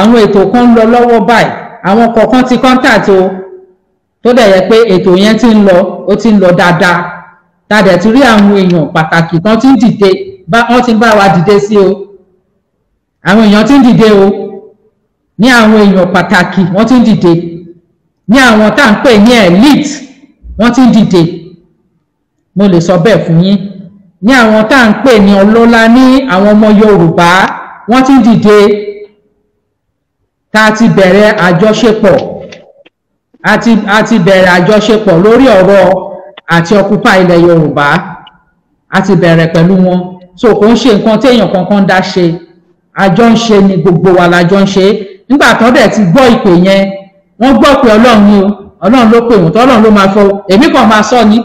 àwọn ètò kan ń lọ lọ́wọ́ báyìí àwọn kọ̀ọ̀kan ti contact o tó dẹ̀ yẹ pé ètò yẹn ti ń lọ ó ti ń lọ dáadáa tá a dẹ̀ ti rí àwọn èèyàn pàtàkì kan ti ń dìde bá wọ́n ti ń bá wa dìde sí o àwọn èèyàn ti ń dìde o ní àwọn èèyàn pàtàkì wọ́n ti ń dìde ní àwọn tá à ń pè ní elite wọ́n ti ń dìde mo lè sọ bẹ́ẹ̀ fún yín ní àwọn tá à ń pè ní ọlọ́lá ní àwọn ọmọ Yorùbá wọ́n ti ń dìde tá a ti bẹ̀rẹ̀ àjọṣepọ̀ a ti bẹ̀rẹ̀ àjọṣepọ̀ lórí ọ̀rọ̀ àti ọkùpá ilẹ̀ Yorùbá a ti bẹ̀rẹ̀ pẹ̀lú wọn so kò ń ṣe nǹkan téèyàn kankan dá ṣe àjọ ń ṣe ni gbogbo wa lájọ ń ṣe nígbà tó dẹ̀ ti gbọ́ ìpè yẹn wọ́n gbọ́ pé ọlọ́run ni o ọlọ́run ló pè wọ́n tó ọlọ́run ló máa fọ èmi kàn máa sọ ni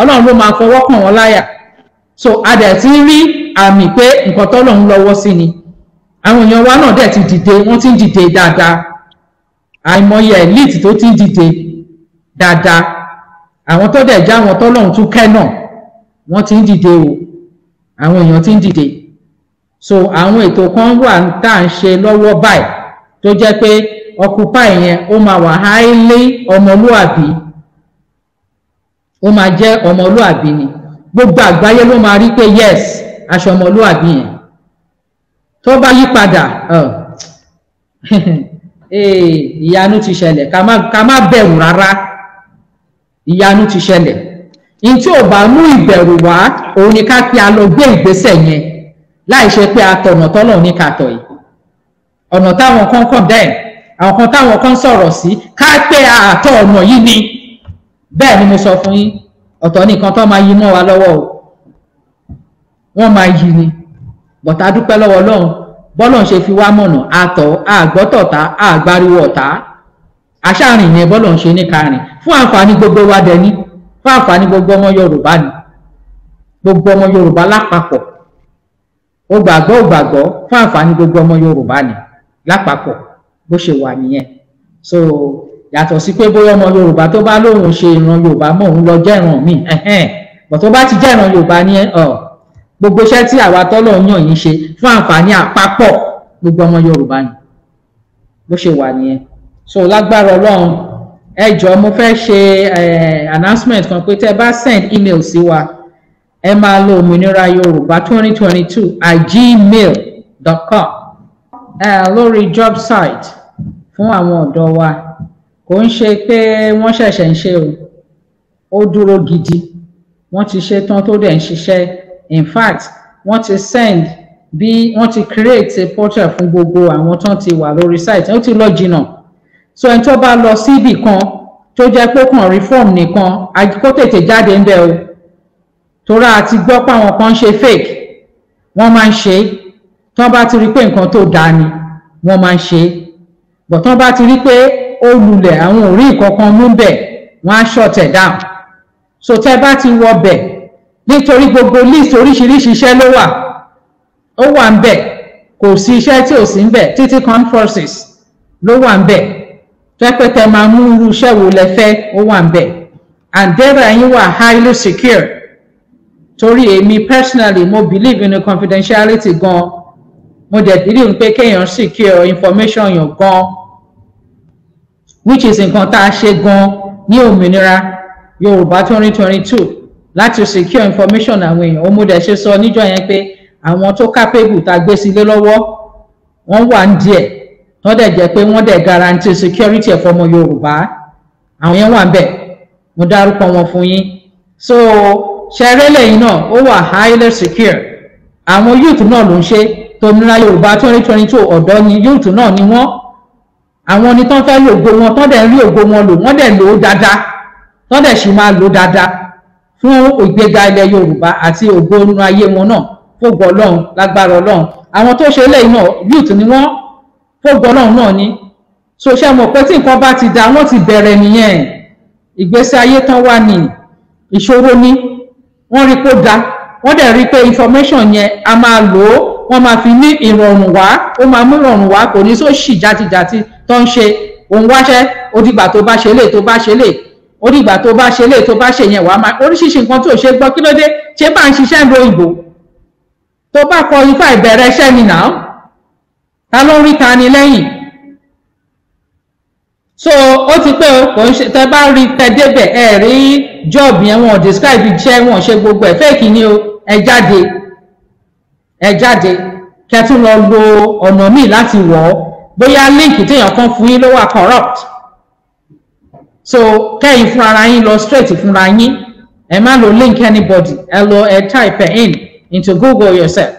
ọlọ́run ló máa fọwọ́ kàn wọ́n láyà so a dẹ̀ ti rí àmì pé nǹkan tọ́lọ́run lọ́wọ́ sí ni àwọn èèyàn wa náà dẹ̀ ti dìde wọ́n ti ń dìde dáadáa àìmọye elite tó ti ń dìde dáadáa àwọn tó dẹ̀ já àwọn tọ́lọ́run tún kẹ́ náà wọ́n ti ń dìde o àwọn èèyàn ti ń dìde so àwọn ètò kan wà tá à ń ṣe lọ́wọ́ báyìí tó jẹ́ pé occupy yẹn ó máa wà highly ọmọlúàbí ó máa jẹ́ ọmọlúàbí ni gbogbo àgbáyé ló máa rí pé yes aṣọ ọmọlúàbí yẹn tó bá yí padà eh, ìyanu ti ṣẹlẹ̀ ká má bẹ̀rù rárá ìyanu ti ṣẹlẹ̀ n tí ò bá mú ìbẹ̀rù wá òun ni ká pé a lọ gbé ìgbésẹ̀ yẹn láì ṣe pé a tọ̀nà tọ́lọ̀ ní ká yìí ọ̀nà táwọn kan kàn bẹ́ẹ̀ àwọn kan táwọn kan sọ̀rọ̀ sí ká pé àtọ̀ ọ̀nà yìí ni bẹ́ẹ̀ ni mo sọ fún yín ọ̀tọ̀ nìkan tó máa yí mọ́ wa lọ́wọ́ o wọ́n máa yí ni bọ̀tà dúpẹ́ lọ́wọ́ ọlọ́run bọ́lọ̀ ṣe fi wá mọ̀nà àtọ̀ àgbọ́tọ̀ta àgbáriwò ọ̀tá àṣàrìn yẹn bọ́lọ̀ ṣe ní karìn fún àǹfààní gbogbo wa dẹni fún àǹfààní gbogbo ọmọ yorùbá ni gbogbo ọmọ yorùbá lápapọ̀ ó gbàgbọ́ ó gbàgbọ́ fún àǹfààní gbogbo ọmọ yorùbá ni lápapọ̀ bó ṣe wà nìyẹn so yàtọ̀ sí pé bóyá ọmọ yorùbá tó bá lóun ṣe ìran yorùbá mọ́ òun lọ jẹ́ ìran míì ẹ̀hẹ́n bọ̀ tó bá ti jẹ́ ìran yorùbá ni ẹ̀ ọ̀ gbogbo iṣẹ́ tí àwa tọ́lọ̀ ń yàn yín ṣe fún àǹfààní àpapọ̀ gbogbo ọmọ Yorùbá ni bó ṣe wà nìyẹn so lágbára Ọlọ́run ẹ jọ̀ọ́ mo fẹ́ ṣe announcement kan pé tẹ́ bá send email sí wa ẹ máa lo òmìnira Yorùbá twenty twenty two at gmail dot com lórí job site fún àwọn ọ̀dọ́ wa kò ń ṣe pé wọ́n ṣẹ̀ṣẹ̀ ń ṣe o ó dúró gidi wọ́n ti ṣe tán tó dẹ̀ ń ṣiṣẹ́ in fact wọ́n ti send bí wọ́n ti create a portal fún gbogbo àwọn tó ti wà lórí site ó ti lọ jìnnà so ẹni tó bá lọ síbì kan tó jẹ́ pé kàn rí form nìkan kó tètè jáde ń bẹ̀ o torí a ti gbọ́ pé àwọn kan ń ṣe fake wọ́n máa ń ṣe é tí wọ́n bá ti rí pé nǹkan tó dáa ni wọ́n máa ń ṣe é bọ̀ tí wọ́n bá ti rí pé ó lulẹ̀ àwọn ò rí nǹkan kan mú bẹ̀ wọ́n á ṣọ̀tẹ̀ dáhùn so tẹ́ bá ti wọ bẹ̀ nítorí gbogbo list oríṣiríṣi iṣẹ́ ló wà ó wà ń bẹ̀ kò sí iṣẹ́ tí ò sí ń bẹ̀ títí con forces ló wà ń bẹ̀ pẹ́pẹ́tẹ́ máa mú irú iṣẹ́ wo lẹ fẹ́ ó wà ń bẹ̀ and data yín wà highly secure torí èmi personally mo believe in confidentiality gan mo dẹ̀ believe pé kéèyàn secure information yàn gan which is nǹkan tá a ṣe gan ní òmìnira Yorùbá twenty twenty two láti secure information àwọn èèyàn ó mú dẹ̀ ṣe sọ níjọ́ yẹn pé àwọn tó capable tá a gbé sílé lọ́wọ́ wọ́n wà ń díẹ̀ wọ́n dẹ̀ jẹ́ pé wọ́n dẹ̀ guarantee security ẹ̀ fọmọ Yorùbá àwọn yẹn wà ń bẹ̀ mo dárúkọ wọn fún yín so ṣẹrẹ́lẹ̀ yìí náà ó wà highly secure àwọn youth náà ló ń ṣe tòmìnira Yorùbá twenty twenty two ọ̀dọ́ ni youth náà ni wọ́n àwọn ni tán fẹ́ lògo wọn tán dẹ̀ ń rí ògo wọn lò wọ́n dẹ̀ lò ó dáadáa tán dẹ̀ sì máa lò ó dáadáa fún ìgbéga ilẹ̀ yorùbá àti ògo inú ayé wọn náà fògbọ́ ọlọ́run lágbára ọlọ́run àwọn tó ṣe eléyìí náà youth ni wọ́n fògbọ́ ọlọ́run náà ni so ṣe mọ̀ pé tí nǹkan bá ti dá wọ́n ti bẹ̀rẹ̀ nìyẹn ìgbésí ayé tán wà ní ìṣòro ni wọ́n rí kó da wọ́n dẹ̀ rí pé information yẹn a máa lò ó wọ́n máa fi ní ìrọ̀rùn wá ó máa mú ìrọ̀rùn wá kò ní sóṣì játijàti tó ń ṣe òun wáṣẹ́ ó tó bá ṣe lè tó bá ṣe lè orí ìgbà tó bá ṣe léè tó bá ṣe yẹn wàá máa oríṣiríṣi nǹkan tó ṣe gbọ́ kí ló dé ṣé bá ń ṣiṣẹ́ ìlú òyìnbó tó bá kọ ifá ìbẹ̀rẹ̀ iṣẹ́ mi nà ó ta ló ń rí ta lẹ́yìn so ó ti pé kò tẹ bá rí tẹ débẹ̀ ẹ rí job yẹn wọn describe iṣẹ́ wọn ṣe gbogbo ẹ̀ fẹ́ẹ̀kì ni o ẹ jáde ẹ jáde kẹ́ lọ lo ọ̀nà míì láti wọ̀ ọ́ bóyá líǹkì téèyàn kan fún yín ló wà corrupt so kẹ́yìn fúnra yín lọ straight fúnra yín ẹ má lo link anybody ẹ lọ ẹ type in into google yourself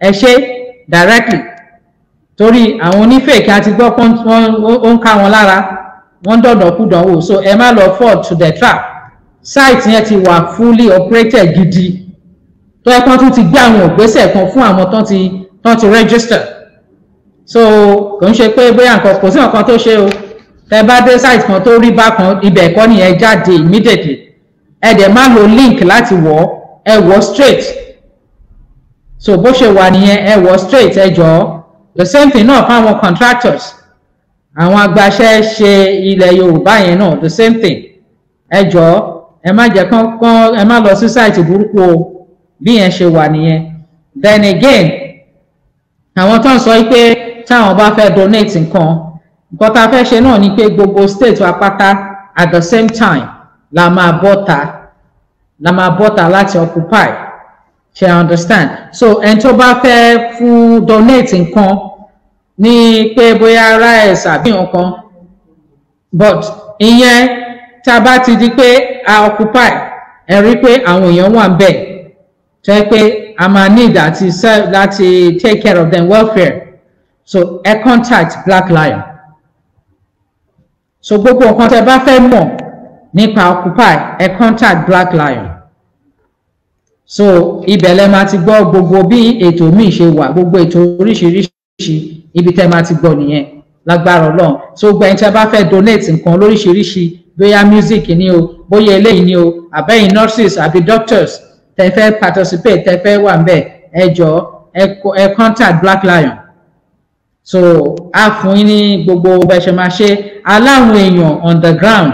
ẹ ṣe directly torí àwọn onífèèkì àti gbọ́ ó ń ká wọn lára wọ́n dọ̀dọ̀ kú dánwò so ẹ má lọ fall to the trap site yẹn ti wà fully operated gidi tó ẹ kan tún ti gbé àwọn ògbésẹ̀ kan fún àwọn tán ti tán ti register so kò ń ṣe pé bóyá nǹkan kò sí nǹkan tó ṣe o tẹ bá dé site kan tó rí bákan ibẹ̀ kọ́ nìyẹn jáde immediately ẹ dẹ̀ má lo link láti wọ̀ ẹ wọ̀ straight so bó ṣe wà nìyẹn ẹ wọ̀ straight ẹ jọ̀ọ́ the same thing náà fáwọn contractors àwọn agbaṣẹ́ ṣe ilẹ̀ Yorùbá yẹn náà the same thing ẹ jọ̀ọ́ ẹ má jẹ́ kán kán ẹ má lọ sí site burúkú o bí yẹn ṣe wà nìyẹn then again àwọn tó ń sọ pé táwọn bá fẹ́ donate nǹkan nǹkan tá a fẹ́ ṣe náà ni pé gbogbo state wa pátá at the same time la máa bọ́ta la máa bọ́ta láti occupy ṣe understand so ẹni tó bá fẹ́ fún donate nǹkan ní pé bóyá rice àbí nǹkan but ìyẹn tá a bá ti di pé a occupy ẹ rí pé àwọn èèyàn wà ń bẹ̀ tó yẹ pé a máa need àti serve láti take care of them welfare so ẹ contact Black Lion so gbogbo nǹkan tẹ́ bá fẹ́ mọ̀ nípa occupy ẹ contact Black Lion so ibẹ̀ lẹ máa ti gbọ́ gbogbo bí ètò míì ṣe wà gbogbo ètò oríṣiríṣi ibi tẹ́ máa ti gbọ́ nìyẹn lágbára Ọlọ́run so gbẹ̀yìn tẹ́ bá fẹ́ donate nǹkan lóríṣiríṣi bóyá music ni o bóyá eléyìí ni o àbẹ́yìn nurses àbí doctors tẹ́ fẹ́ participate tẹ́ fẹ́ wà ń bẹ̀ ẹ jọ ẹ contact Black Lion so a fún yín ní gbogbo bẹ́ẹ̀ ṣe máa ṣe aláwọn èèyàn on the ground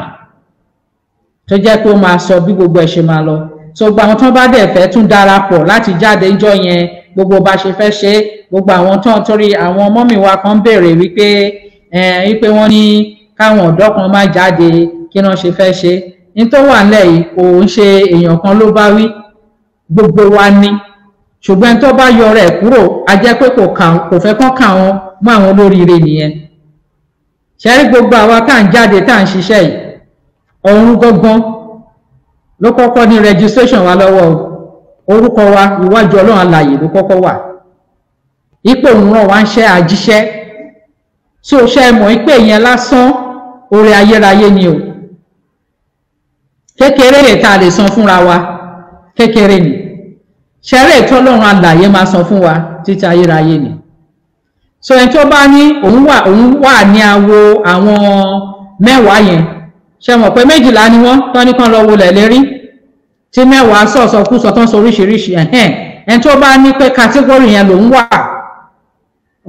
tó jẹ́ pé ó máa sọ bí gbogbo ẹ̀ ṣe máa lọ so gbogbo àwọn tó bá dẹ̀ fẹ́ tún darapọ̀ láti jáde ńjọ́ yẹn gbogbo bá ṣe fẹ́ ṣe gbogbo àwọn tó ń torí àwọn ọmọ mi wa kan béèrè wípé wípé wọ́n ní káwọn ọ̀dọ́ kan má jáde kí wọ́n ṣe fẹ́ ṣe ní tó wà nílẹ̀ yìí kò ń ṣe èèyàn kan ló bá wí gbogbo wa ni ṣùgbọ́n tó bá yọ rẹ̀ kúrò a jẹ́ pé kò kà kò fẹ́ kán kà wọn mọ́ àwọn olóríire nìyẹn ṣẹ́rí gbogbo àwa tá à ń jáde tá à ń ṣiṣẹ́ yìí ọ̀run gangan ló kọ́kọ́ ní registration wa lọ́wọ́ orúkọ wa ìwájú ọlọ́run alààyè ló kọ́kọ́ wà ipò òun ràn wá ń ṣe àjíṣẹ́ tí o ṣe mọ̀ pé yẹn lásán oore ayérayé ni o kékeré yẹn tá a lè san fúnra wa kékeré ni ṣẹ́rẹ́ ìtọ́lọ́run alàyè máa san fún wa títí ayérayé ni so ẹni tó bá ní òun wà òun wà ní awo àwọn mẹ́wàá yẹn ṣe mọ̀ pé méjìlá ni wọ́n tán ní kán lọ wọlẹ̀ lérí tí mẹ́wàá sọ̀sọ̀kúsọ tán sọ oríṣiríṣi ẹ̀hẹ́n ẹni tó bá ní pé kátígórì yẹn lòun wà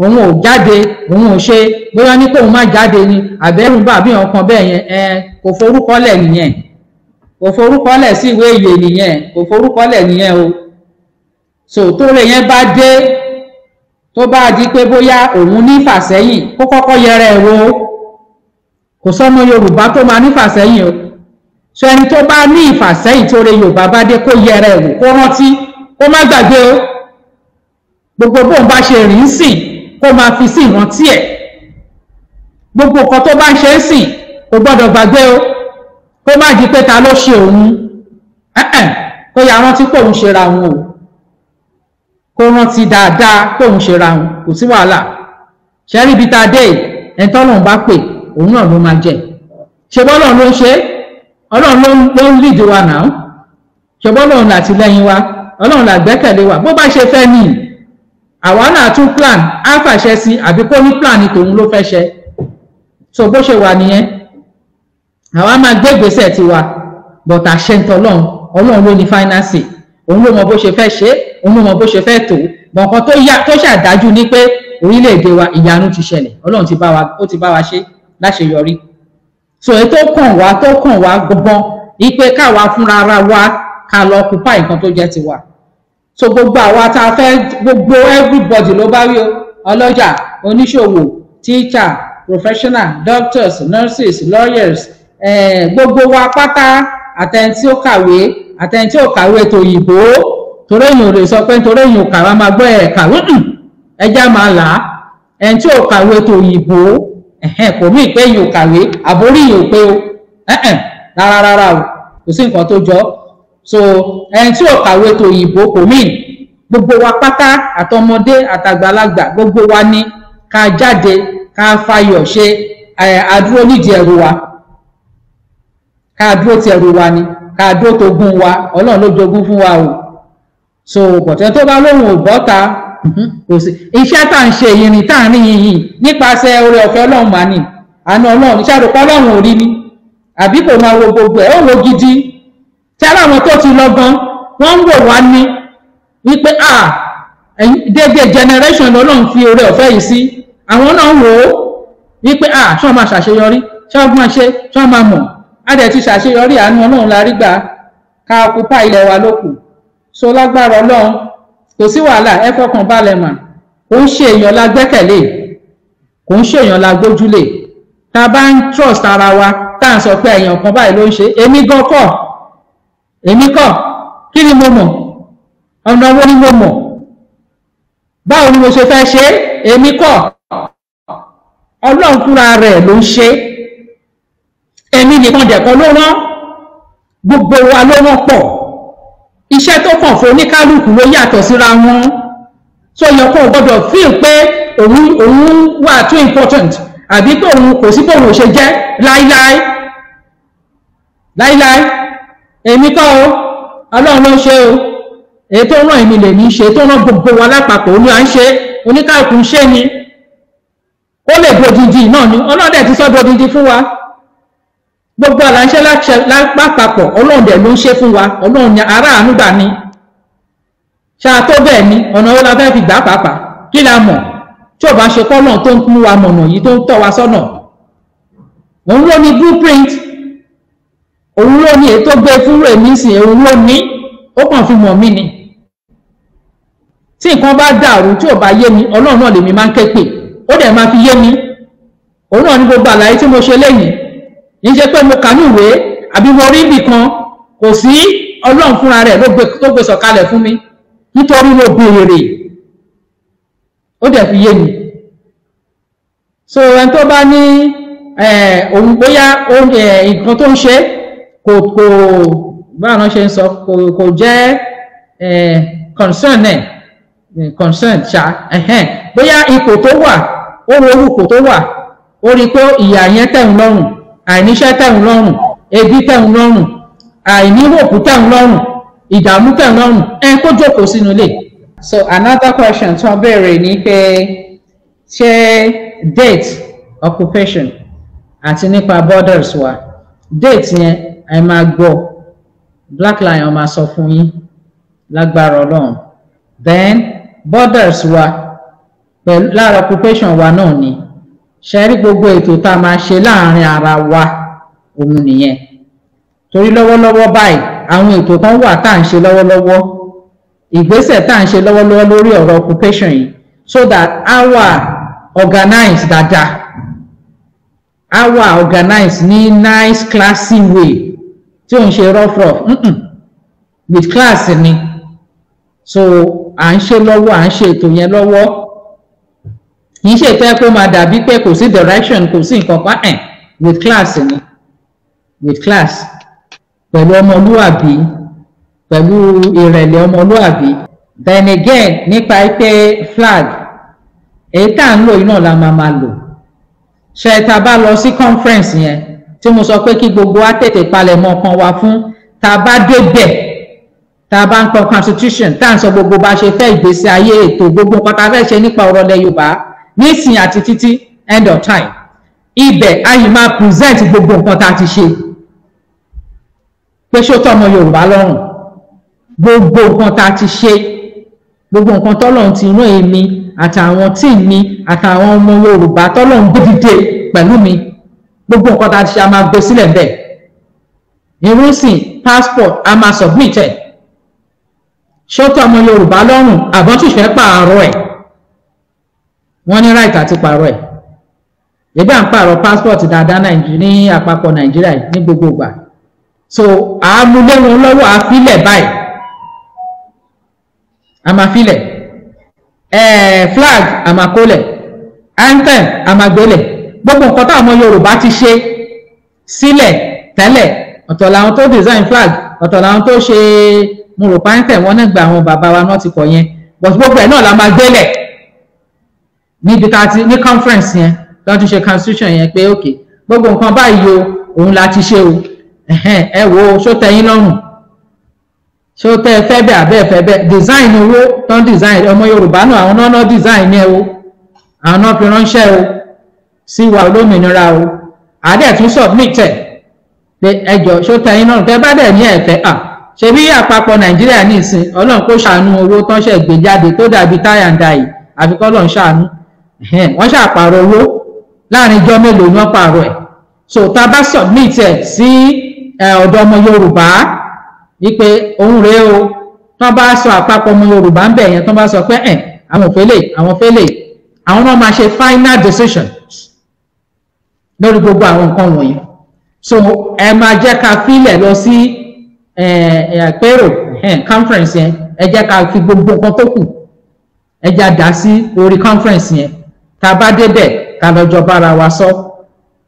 òun ò jáde òun ò ṣe bóyá ní pé òun má jáde ni àbẹ́rùn bá bí ọkàn bẹ́ẹ̀ yẹn ẹ kò forúkọlẹ̀ nìyẹn kò forúkọlẹ̀ sí ìwé ìyè nìyẹn kò forúkọlẹ̀ nìyẹn o so tóore yẹn bá dé tó bá di pé bóyá òun ní fàsẹ́yìn kó kọ́kọ́ yẹra ẹ̀ wo kò sọ́mọ yorùbá tó máa ní fàsẹ́yìn o so ẹni tó bá ní ìfàsẹ́yìn tóore yorùbá bá dé kó yẹra ẹ̀ wò kó rántí kó má gbàgbé o gbogbo bóun bá ṣe rìn sìn kó máa fi sí ìrántí ẹ̀ gbogbo nǹkan tó bá ń ṣe é sìn kò gbọ́dọ̀ gbàgbé o kó má di pé ta ló ṣe òun kó yà rántí pé òun ṣe ra òun o kó rántí dáadáa kóun ṣe ra òun kò sí wàhálà ṣẹ́rí ibi tá a dé yìí ẹni tọ́lọ́run bá pè òun náà ló máa jẹ ṣe bọ́lọ́run ló ń ṣe ọlọ́run ló ń lead wa náà ṣe bọ́lọ́run làtìlẹ́yìn wa ọlọ́run làgbẹ́kẹ̀lé wa bó bá ṣe fẹ́ nìyí àwa náà tún plan á fàṣẹ sí àbí kó ní plan ni tòun ló fẹ́ ṣe so bó ṣe wà nìyẹn àwa máa gbé ìgbésẹ̀ tiwa but àṣẹ ọlọ́run ló ní finance òun ló mọ bó ṣe fẹ́ ṣe òun ló mọ bó ṣe fẹ́ tó gbọ̀ǹkan tó yá tó ṣàdájú ni pé orílẹ̀-èdè wa ìyanu ti ṣẹlẹ̀ ọlọ́run ti bá wa ó ti bá wa ṣe láṣeyọrí so ètò kàn wá tó kàn wá gbọ́n ni pé káwa fúnra ara wa ká lọ kópa nǹkan tó jẹ́ tiwa so gbogbo àwa tá a fẹ́ gbogbo everybody ló bá rí o ọlọ́jà oníṣòwò teacher professional doctors nurses lawyers eh, gbogbo wa pátá àtẹni tí ó kàwé àtẹni tí ò kàwé ètò òyìnbó torí èyàn ò lè sọ pé torí èyàn ò kàwé a máa gbọ́ ẹ̀ kàwé hmm, ẹja máa là á ẹni tí ò kàwé ètò òyìnbó kò mí pé èyàn ò kàwé àbórí èyàn ò pé o rárá rárá o kò sí nǹkan tó jọ so ẹni tí ò kàwé ètò òyìnbó kò mí gbogbo wa pátá àtọmọdé àtàgbàlagbà gbogbo wa ni ká jáde ká fayọ̀ ṣe àdúró nídìí ẹrù wa ká dúró ti ẹrù wa ni ká dótógún wa ọlọ́run ló jogún fún wa o so bọ̀tẹ́ tó bá lóhùn ò bọ́ta kò sí iṣẹ́ tá à ń ṣe yìí ni tá à ń rí yìí yìí nípasẹ̀ oore ọ̀fẹ́ ọlọ́run mà ní àna ọlọ́run iṣẹ́ àdókò ọlọ́run ò rí ni àbí kò máa wo gbogbo ẹ̀ ó wo gidi tí aláwọn tó ti lọ gan wọ́n ń wò wá ní wípé à déédéé generation ọlọ́run fi oore ọ̀fẹ́ yìí sí àwọn náà wò ó wípé à ṣé wọ́n máa ṣàṣeyọrí ṣé wọ́n máa ṣe ṣé wọ́n máa mọ̀ a dẹ̀ ti ṣàṣeyọrí àánú ọlọ́run la rí gbà ká kópa ilẹ̀ wa lókù so lágbára ọlọ́run kò sí wàhálà ẹ fọkàn balẹ̀ mà kò ń ṣe èèyàn la gbẹ́kẹ̀lé kò ń ṣe èèyàn la gbójúlé tá bá ń trust ara wa tá à ń sọ pé èèyàn kan báyìí ló ń ṣe èmi gan kọ́ èmi kọ́ kí ni mo mọ̀ ọ̀nà wo ni mo mọ̀ báwo ni mo ṣe fẹ́ ṣe é èmi kọ́ ọlọ́run fúnra rẹ̀ ló ń ṣe é èmi nìkan dẹ̀kan ló rán gbogbo wa ló rán pọ̀ iṣẹ́ tó kàn fún oníkálukú ló yàtọ̀ síra wọn tó yẹ kó o gbọ́dọ̀ feel pé òun òun wà too important àbí pé òun kò sí pé òun ò ṣe jẹ́ láíláí láíláí èmi kọ́ o ọlọ́run ló ń ṣe o èyí tó ràn èmi lè ní ṣe tó ràn gbogbo wa lápapọ̀ ó ní à ń ṣe oníkálukú ń ṣe ni ó lè bodidi náà ni ọlọ́dẹ ti sọ bodidi fún wa gbogbo àlàńṣẹ́ lápapọ̀ ọlọ́run dẹ̀ ló ń ṣe fún wa ọlọ́run ni aráàánú gbà ni ṣáà tó bẹ́ẹ̀ ni ọ̀nà wo la fẹ́ fi gbà pàápàá kí la mọ̀ tí ò bá ṣe kọ́ náà tó ń mú wa mọ̀nà yìí tó ń tọ́ wa sọ́nà òun ló ní blueprint òun ló ní ètò gbé fúnrú èmi sìn òun ló ní ó kàn fi mọ̀ mí ni tí nǹkan bá dàrú tí ò bá yé mi ọlọ́run náà lèmi máa ń ké pè ó dẹ̀ máa fi yé mi òun náà ní gbogbo àlàyé tí mo ṣe lẹ́yìn yìí ṣe pé mo kà ní ìwé àbí mo rí ibì kan kò sí ọlọ́run fúnra rẹ̀ ló gbé sọ̀kalẹ̀ fún mi nítorí mo béèrè ó dẹ̀ fi yé mi so ẹni tó bá ní òun bóyá nǹkan tó ń ṣe kò kò báwọn ṣe ń sọ kò kò jẹ́ concern ẹ̀ concern ṣá bóyá ipò tó wà ó ro orúkọ tó wà ó rí i pé ìyà yẹn tẹ̀ ń lọ́rùn àìníṣẹ́ tẹ̀hún lọ́rùn ebi tẹ̀hún lọ́rùn àìníhòkú tẹ̀hún lọ́rùn ìdààmú tẹ̀hún lọ́rùn ẹ kó jókòó sínú ilé. so another question tó ń béèrè ni pé ṣé date occupation àti nípa borders wa date yẹn ẹ máa gbọ́ Black Lion máa sọ fún yín lágbára Ọlọ́run then borders wa pẹ̀lú lára occupation wa náà ni ṣẹ́rí gbogbo ètò tá a máa ṣe láàrin ara wa òun nìyẹn torí lọ́wọ́lọ́wọ́ báyìí àwọn ètò kan wà tá à ń ṣe lọ́wọ́lọ́wọ́ ìgbésẹ̀ tá à ń ṣe lọ́wọ́lọ́wọ́ lórí ọ̀rọ̀ occupation yìí so that a organize organized dáadáa a wà ní nice classy way tí òun ṣe rough rough with class ni so à ń ṣe lọ́wọ́ à ń ṣe ètò yẹn lọ́wọ́ kì í ṣètò ẹ kó máa dàbí pé kò sí direction kò sí nǹkan pa ẹ̀ eh, with class ni with class pẹ̀lú ọmọlúwàbí pẹ̀lú ìrẹ̀lẹ̀ ọmọlúwàbí then again nípa pé flag èyí tá à ń lò yìí náà la máa máa lò ṣe tá bá lọ sí conference yẹn tí mo sọ pé kí gbogbo wa tètè palẹ̀mọ́ kan wa fún tá a bá débẹ̀ tá bá ń pọ constitution tá à ń sọ gbogbo bá ṣe fẹ́ ìgbésí ayé ètò gbogbo nǹkan tá a fẹ́ ṣe nípa ọ̀rọ̀ ilẹ̀ Yorùbá nísìnyí àti títí end of time ibẹ̀ a máa present gbogbo nǹkan tá a ti ṣe pé ṣótọ́ ọmọ Yorùbá lọ́rùn gbogbo nǹkan tá a ti ṣe gbogbo nǹkan tọ́lọ́run ti rán èmi àtàwọn tí mi àtàwọn ọmọ Yorùbá tọ́lọ́run gbé dìde pẹ̀lú mi gbogbo nǹkan tá a ti ṣe a máa gbé sílẹ̀ bẹ́ẹ̀ irúsìn passport a máa submit ẹ̀ ṣótọ́ ọmọ Yorùbá lọ́rùn àbọ̀túnṣe pààrọ̀ ẹ̀ wọ́n ní right àti pààrọ̀ ẹ̀ ebi à ń pààrọ̀ passport dáadáa ní àpapọ̀ nàìjíríà ní gbogbo ìgbà so àmúlé wọn lọ́wọ́ àfilẹ̀ báyìí àmàfilẹ̀ flag àmàkólẹ̀ anthem àmàgbélẹ̀ gbogbo nǹkan táwọn ọmọ yorùbá ti ṣe sílẹ̀ tẹ́lẹ̀ ọ̀tọ̀ làwọn tó design flag ọ̀tọ̀ làwọn tó ṣe mo rò pa anthem wọn náà gba àwọn bàbá wa náà ti kọ̀ yẹn but gbogbo ẹ̀ náà la máa níbi tá a ti ní conference yẹn lọ́n ti ṣe constitution yẹn pé ok gbogbo nǹkan báyìí o òun la ti ṣe o ẹ wo sótẹ yín lọ́rùn sótẹ fẹ́ bẹ́ẹ̀ àbẹ́ fẹ́ bẹ́ẹ̀ design owó tán design ọmọ Yorùbá náà àwọn náà náà design yẹn o àwọn náà fi ránṣẹ́ o sí wa olómìnira o àdẹ̀ tún submit ẹ̀ pé ẹjọ́ sótẹ yín lọ́rùn tẹ́ bá dẹ̀ ní ẹ̀fẹ́ à ṣe bí àpapọ̀ Nàìjíríà ní ìsìn Ọlọ́run kó ṣàánú owó tán ṣẹ̀ gbé jáde tó dàbí táyà ń da yìí àfikọ́ Ọlọ́run ṣàánú wọ́n ṣàpàrọ̀ owó láàrin ijọ́ mélòó ni wọ́n pààrọ̀ ẹ̀ so tá a bá submit ẹ̀ sí ọ̀dọ̀ ọmọ Yorùbá wípé òun rèé o tán bá sọ àpapọ̀ ọmọ Yorùbá ń bẹ̀ yẹn tán bá sọ pé ẹ̀ àwọn òfélè àwọn òfélè àwọn náà máa ṣe final decision lórí gbogbo àwọn nǹkan wọ̀nyí so ẹ máa jẹ́ ká filẹ̀ lọ sí àpérò conference yẹn ẹ jẹ́ ká fi gbogbo nǹkan tó kù ẹ já dá sí orí conference yẹn tá a bá débẹ̀ ká lọ́jọ́ bára wa sọ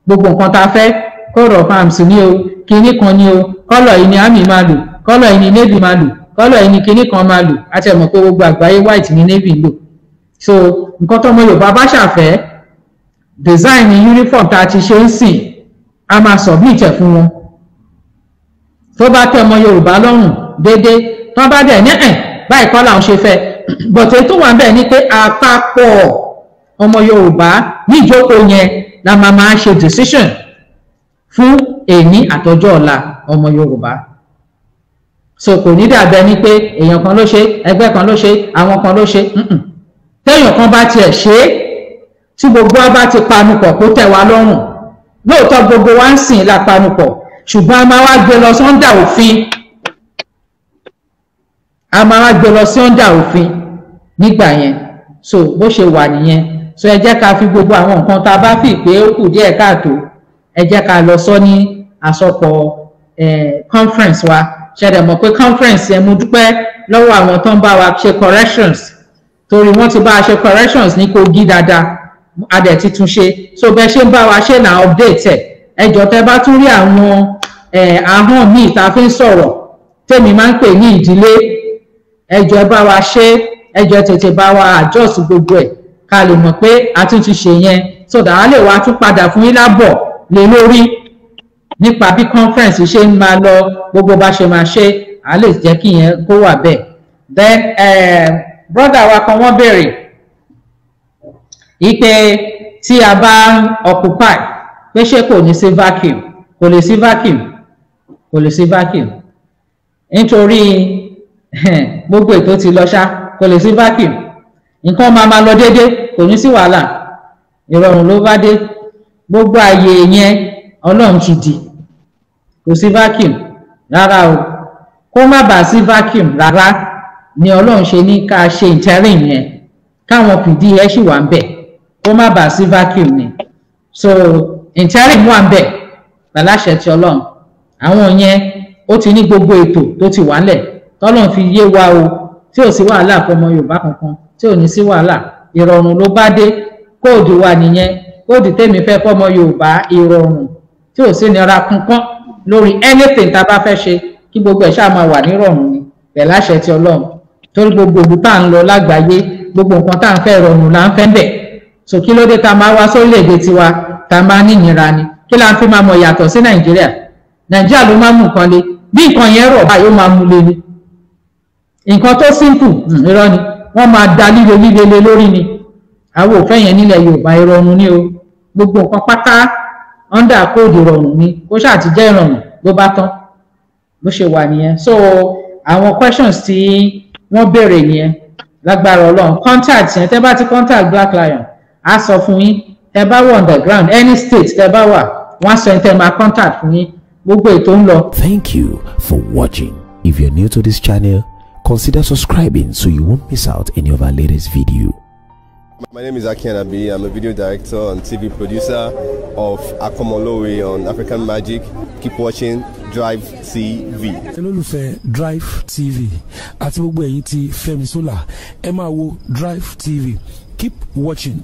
gbogbo nǹkan tá a fẹ́ kọ̀rọ̀ farms ní o kinní kan ní o kọ́lọ̀ yìí ni army máa lò kọ́lọ̀ yìí ni navy máa lò kọ́lọ̀ yìí ni kinní kan máa lò àti ẹ̀mọ̀ pé gbogbo àgbáyé white ni navy lò so nǹkan tọ́mọ Yorùbá bá ṣàfẹ́ design uniform tá a ti ṣe ń sìn a máa submit ẹ̀ fún wọn tó bá tẹ́ ọmọ Yorùbá lọ́rùn déédéé tó bá dẹ̀ ní ẹ̀ báyìí kọ́ làwọn ṣe fẹ́ bọ̀tẹ́ tó wà ń bẹ̀ ni pé àpapọ̀ ọmọ yorùbá níjókòó yẹn la máa máa ṣe decision fún èní àtọjọ́ ọ̀la ọmọ yorùbá so kò ní dàbẹ ni pé èèyàn kan ló ṣe ẹgbẹ́ kan ló ṣe àwọn kan ló ṣe téèyàn kan bá tiẹ̀ ṣe tí gbogbo wa bá ti panupọ̀ kó tẹ̀ wá lọ́rùn lóòótọ́ gbogbo wa ń sìn la panupọ̀ ṣùgbọ́n a máa wá gbé lọ sọ́ńdà òfin a máa wá gbé lọ sọ́ńdà òfin nígbà yẹn so bó ṣe wà nìyẹn so ẹ jẹ́ ká fi gbogbo àwọn nǹkan tá a bá fi pé ó kù díẹ̀ káàtó ẹ jẹ́ ká lọ sọ ní àsọpọ̀ conference wa ṣẹlẹ̀ mọ̀ pé conference yẹn mo dúpẹ́ lọ́wọ́ àwọn tó ń bá wa ṣe corrections torí wọ́n ti bá a ṣe corrections ní Kogi dáadáa a dẹ̀ ti tún ṣe so bẹ́ẹ̀ ṣe ń bá wa ṣe náà update ẹ̀ ẹ jọ̀ọ́ tẹ́ bá tún rí àwọn ahọ́n míì tá a fi ń sọ̀rọ̀ tèmi máa ń pè ní ìdílé ẹ jọ̀ọ́ ẹ bá wa ṣe ẹ jọ̀ọ́ tètè bá wa adjust gbogbo ẹ̀ ká lè mọ̀ pé a tún ti ṣe yẹn so that a lè wá tún padà fún yín lábọ̀ lé lórí nípa bí conference ṣe ń máa lọ gbogbo bá ṣe máa ṣe a lè jẹ́ kí yẹn kó wà bẹ́ẹ̀ then uh, brother wa kan wọ́n béèrè ipe tí a bá ń occupy pé ṣé kò ní sí vacuum kò lè sí vacuum kò lè sí vacuum nítorí gbogbo ètò ti lọ ṣá kò lè sí vacuum nǹkan máa máa lọ déédéé kò ní sí wàhálà ìrọ̀rùn ló bá dé gbogbo ààyè yẹn ọlọ́run ti dì kò sí vacuum rárá o kó má bàa sí vacuum rárá ni ọlọ́run ṣe ní ká ṣe ìtẹ́rìn yẹn káwọn fìdí ẹ ṣì wà ń bẹ̀ kó má bàa sí vacuum ni so ìtẹ́rìn wà ń bẹ̀ láláṣẹ ti ọlọ́run àwọn yẹn ó ti ní gbogbo ètò tó ti wà ńlẹ̀ tọ́lọ́run fi yé wa o tí ò sí wàhálà fọmọ yorùbá kankan tí ò ní sí wàhálà ìrọ̀rùn ló bá dé kóòdù wa nìyẹn kóòdù tèmi fẹ́ fọmọ yorùbá ìrọ̀rùn tí ò sí nira kankan lórí anything tá a bá fẹ́ ṣe kí gbogbo ẹ̀ ṣáà máa wà nírọ̀rùn ni pẹ̀lú àṣẹ ti ọlọ́run torí gbogbo òbí tá à ń lọ lágbàáyé gbogbo nǹkan tá à ń fẹ́ rọrùn là ń fẹ́ bẹ̀ so kí ló dé tá a máa wá sórílẹ̀-èdè tiwa tá a máa níyìnra ni kí la fi máa mọ̀ yàtọ̀ sí nàìjíríà nàìjíríà ló máa mú nǹkan le bí nǹkan yẹn rọ̀ báyìí ó máa mú le ni nǹkan tó simple hmm, irọ́ ni wọ́n máa da líle líle lórí ni àwọn òfẹ́ yẹn nílẹ̀ yorùbá ìrọ̀rùn ni o gbogbo nǹkan pátá under code ìrọ̀rùn ni kó ṣáà ti jẹ́ ìrọ̀rùn ló bá tán bó ṣe wà nìyẹn so àwọn questions tí wọ́n béèrè nìyẹn lágbára ọlọ́run contact yẹn tẹ́ bá ti contact black lion á sọ fún yín tẹ́ bá wà underground any state tẹ́ bá wà wọ́n á sọ yín tẹ́ máa contact fún yín gbogbo ètò ń lọ. Thank you for watching. If you're new to this channel consider subscribing so you won't miss out any of our latest video. My name is Akian Abi. I'm a video director and TV producer of Akomolowe on African Magic. Keep watching Drive TV. olólùfẹ́ Drive TV àti gbogbo ẹ̀yin tí Fẹ́mi Sola Drive TV keep watching.